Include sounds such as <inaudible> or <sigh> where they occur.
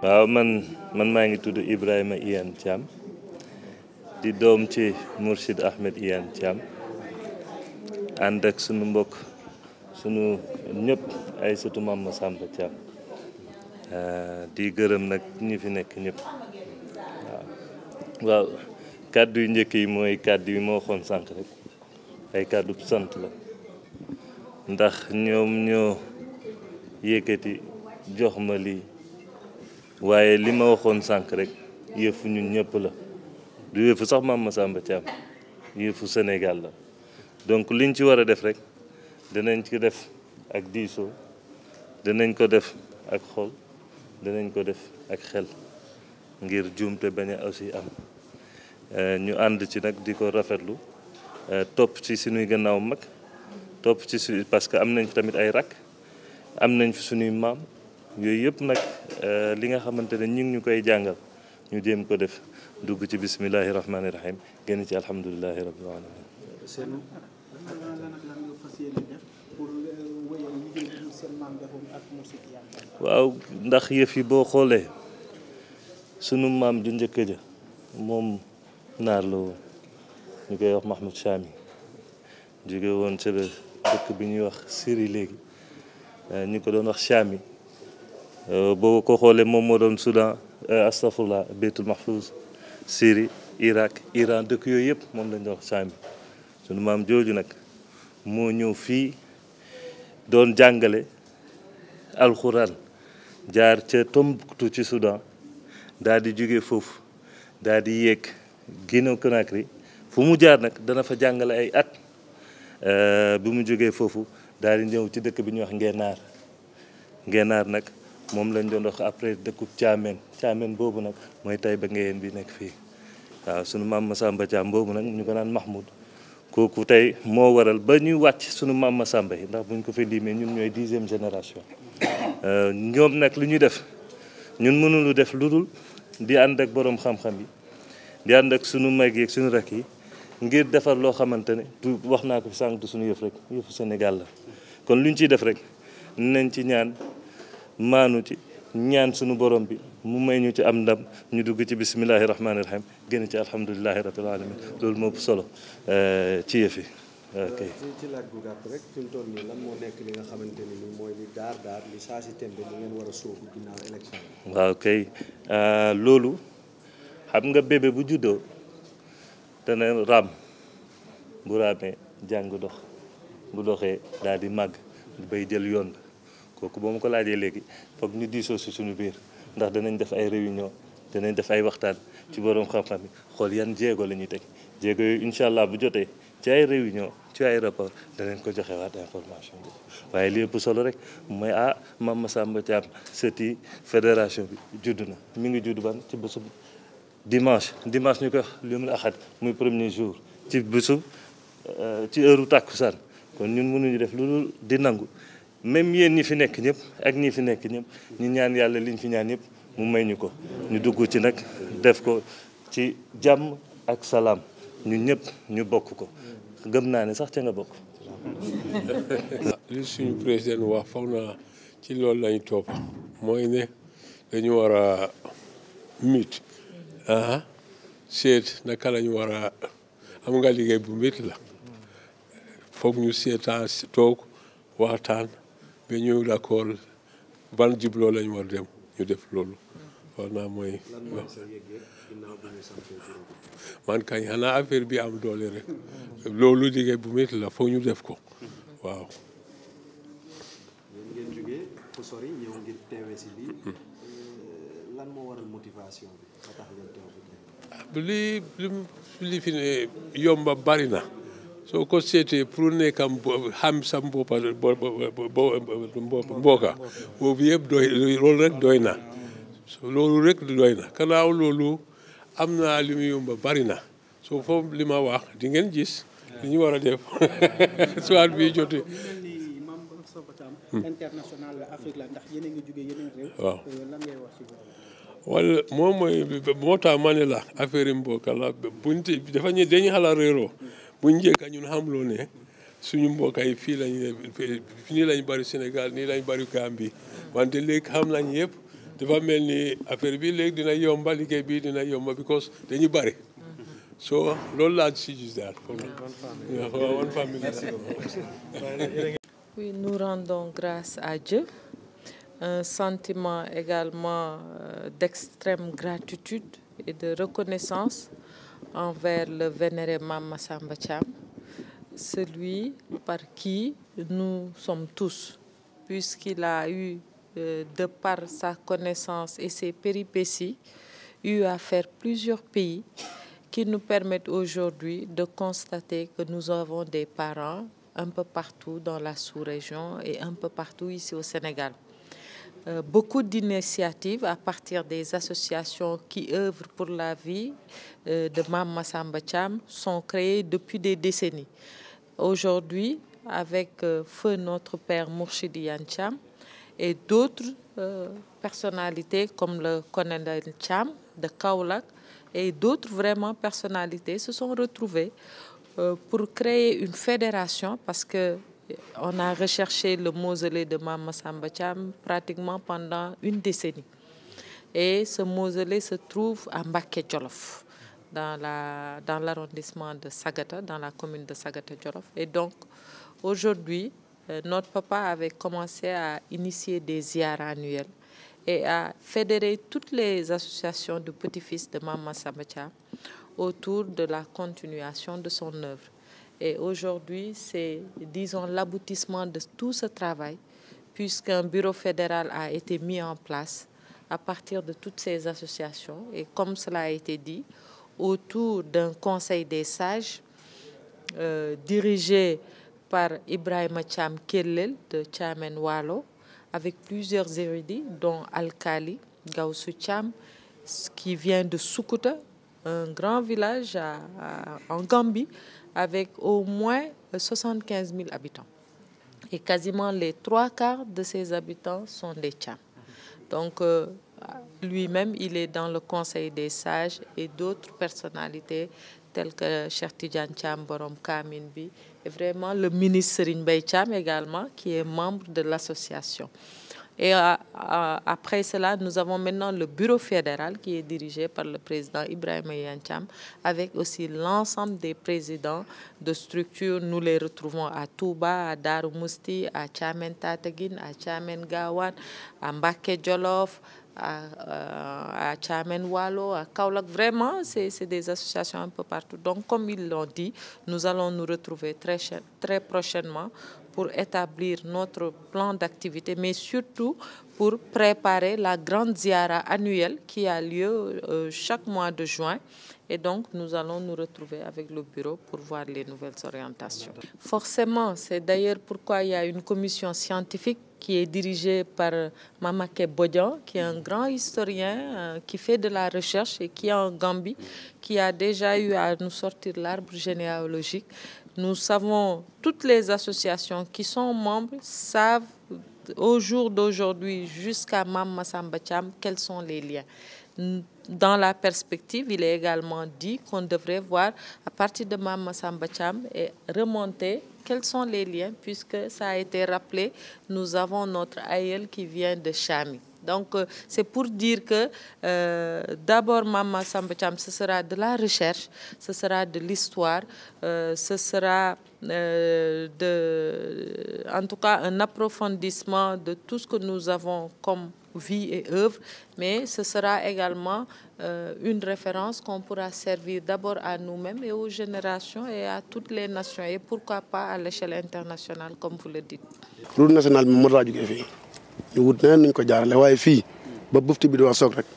waaw man man maa ngi tudd Ibrahima Iyane Thiam di doom ci Mourchid Ahmed Iyane Thiam ànd ak sunu mbokk sunu ñëpp ay sëtu maam Samba Thiam ah, di gërëm nag ñu fi nekk ñëpp waaw kàddu yu njëkk yi mooy kàdd yi moo xoon sànq rek ay kàddu sant la ndax ñoom ñoo yëkkati jox ma lii waaye li ma waxoon sànq rek yëfu ñun ñëpp la du yëfu sax maam Massamba Thiam yëfu Sénégal la donc liñ ci war a def rek danañ ko def ak diisoo danañ ko def ak xol danañ ko def ak xel ngir juumte bañ a aussi am euh, ñu ànd ci nag di ko rafetlu euh, topp ci suñuy gannaaw mag topp ci su parce que am nañ fi tamit ay rakk am nañ fi suñuy maam yooyu yëpp nag eh, li nga xamante ne ñu ngi ñu koy jàngal ñu jéem ko def dugg ci bismillahi rahmaani rahim génn ci alhamdulilahi rabbil alamin waaw ndax yëf yi boo xoolee sunu maam ju njëkk ja moom naar la woon ñu koy wax Mahmoud Chami jóge woon ca dëkk bi ñuy wax Syrie léegi eh, ñu ko doon wax Chami Euh, boo ko xoolee moom moo doon sudan euh, astafurlah Beytul Mahfouz Syrie Irak iraan dëkk yooyu yëpp moom lañ doon saami sunu maam jooju nag moo ñëw fii doon jàngale alxuraan jaar ca Tombouctou ci Soudan daal di jóge foofu daal di yéeg Guinée Conakry fu mu jaar nag dana fa jàngale ay at euh, bi mu jógee foofu daal di ñëw ci dëkk bi ñuy wax Ngenaar Ngenaar nag moom lañ doon wax après dëkkub Thiamène Thiamène boobu nag mooy tay ba ngeen bi nekk fii waaw sunu maam Masamba Thiam boobu nag ñu ko naan Mahmoud kooku tey moo waral ba ñuy wàcc sunu maam Masamba yi ndax buñ ko fi limee ñun ñooy dixième génération euh, ñoom nag lu ñuy def ñun mënulu def lu dul di ànd ak borom xam-xam yi di ànd ak sunu mag yi ak sunu rakk yi ngir defar loo xamante ne du wax naa ko fi sànq du sunu yëf rek yëfu Sénégal la kon lu ñu maanu ci ñaan sunu borom bi mu may ñu ci am ndam ñu dugg ci bisimilahi rahmaani rahim génn ci alhamdulilahi rabil alamin loolu moo solo euh, ci yëf yi ok ci ci laaj bu gàtt rek moo nekk li nga xamante ne nii mooy li ngeen war a sóobu ginnaaw élection waaw euh, loolu xam nga bébé bu juddoo dana raam bu raamee jàng dox bu doxee daal di màgg bay jël yoon kooku boo ma ko laajee léegi foog ñu diisoo si suñu biir ndax danañ def ay réunion danañ def ay waxtaan ci borom xam-xam yi xool yan jéego la ñuy teg jéego yi incha allah bu jotee ci ay réunion ci ay rapport danañ ko joxe waat information bi waaye li ëpp solo rek mooy ah Mame Massamba Thiam sëti fédération bi judd na mi ngi judd ban ci bésub dimanche dimanche ñu koy wax li mu axat muy premier jour ci bésub euh, ci heure u tàkkusaan kon ñun mënuñu def lu di nangu même yéen ñi fi nekk ñëpp ak ñi fi nekk ñëpp ñu ñaan yàlla liñ fi ñaan yëpp mu may ñu ko ñu dugg ci nag def ko ci jàmm ak salaam ñu ñëpp ñu bokk ko gëm naa ni sax ca nga bokk li suñu président wax foog naa ci loolu lañu topp mooy ne dañu war a mit ah seet naka lañu war am nga liggéey bu mit la foog ñu seetaan toog waxtaan ba ñu d'accord ban jubloo lañ war dem ñu def loolu war naa mooy man kañ xanaa affaire bi am doole rek loolu liggéey bu métti la foog ñu def ko waaw ngeen jógee lii euh, ah, fi ne yomba bari soo ko seetee pour ne kam xam sam boppa mbooka boobu yëpp doy loolu rek doy na so loolu rek doy na kanaaw loolu am naa li mu yomba bari na so foofu li wax di ngeen gis li war a def <laughs> soit bi jotee hmm. euh, moom mooy moo tax ma ne la affaire yi mbokk la buñ dafa ñu xalaat réeroo bu ñu njëkk ñun xamloo ne suñu mbokk yi fii lañ nii lañ bari Sénégal nii lañ bari Gambie wante léegi xam nañ yëpp dafa mel ni affaire bi léegi dina yomba liggéey bi dina yomba because dañu bari so loolu laa si gis daal one family oui nous rendons grâce à Dieu un sentiment également euh, d'extrême gratitude et de reconnaissance envers le vénéré Mama Samba Cham, celui par qui nous sommes tous, puisqu'il a eu, euh, de par sa connaissance et ses péripéties, eu à faire plusieurs pays qui nous permettent aujourd'hui de constater que nous avons des parents un peu partout dans la sous-région et un peu partout ici au Sénégal. Euh, beaucoup d'initiatives à partir des associations qui œuvrent pour la vie euh, de Mame Massamba Thiam sont créées depuis des décennies. Aujourd'hui, avec euh, feu notre père Mourchidi Yan Thiam et d'autres personnalités comme le colonel Thiam de Kaolack et d'autres vraiment personnalités se sont retrouvées pour créer une fédération parce que on a recherché le mausolée de Mame Samba Thiam pratiquement pendant une décennie. Et ce mausolée se trouve à Mbacké Djolof, dans la, dans l'arrondissement de Sagata, dans la commune de Sagata Djolof. Et donc, aujourd'hui, euh, notre papa avait commencé à initier des ziyaras annuels et à fédérer toutes les associations de petits-fils de Mame Samba Thiam autour de la continuation de son œuvre. Et aujourd'hui, c'est, disons, l'aboutissement de tout ce travail, puisqu'un bureau fédéral a été mis en place à partir de toutes ces associations. Et comme cela a été dit, autour d'un conseil des sages euh, dirigé par Ibrahima Cham Kellel de Chamen avec plusieurs érudits, dont Al-Khali Gaussou Cham, qui vient de Soukouta, un grand village à, à, en avec au moins 75 000 habitants. Et les trois quarts de ses habitants sont des Tchams. Donc euh, même il dans le Conseil des sages et d'autres personnalités telles que Cheikh Tidiane Cham, Borom Kaminbi, et vraiment le ministre Serigne Mbaye Cham également, qui est membre de Et à, à, après cela, nous avons maintenant le bureau fédéral qui est dirigé par le président Ibrahim Yantiam, avec aussi l'ensemble des présidents de structures. Nous les retrouvons à Touba, à Darumousti, à Tchamen Tategin, à Tchamen Gawan, à Mbake Djolof, à, euh, à Chamen Walo, à Kaolak. Vraiment, c'est des associations un peu partout. Donc, comme ils l'ont dit, nous allons nous retrouver très, très prochainement pour établir notre plan d'activité, mais surtout pour préparer la grande ziara annuelle qui a lieu euh, chaque mois de juin. Et donc, nous allons nous retrouver avec le bureau pour voir les nouvelles orientations. Forcément, c'est d'ailleurs pourquoi il y a une commission scientifique qui est dirigée par euh, Mamake Bodian, qui est un grand historien euh, de la recherche et qui est en Gambie, qui a déjà eu à nous sortir l'arbre généalogique Nous savons, toutes les associations qui sont membres savent au jour d'aujourd'hui jusqu'à Mam Sambacham quels sont les liens. Dans la perspective, il est également dit qu'on devrait voir à partir de Mam Sambacham et remonter quels sont les liens puisque ça a été rappelé, nous avons notre aïeul qui vient de Chami. donc euh, c'est pour dire que euh, d'abord Mame Massamba Thiam ce sera de la recherche ce sera de l'histoire euh, ce sera euh, en tout cas un approfondissement de tout ce que nous avons comme vie et œuvre mais ce sera également euh, une référence qu'on pourra servir d'abord à nous-mêmes et aux générations et à toutes les nations et pourquoi pas à l'échelle internationale comme vous le dites. loolu national bi moo tax a jóge fii ñu wut neneen nuñ ko jaarale waaye fii ba bufti bi di wax soog rek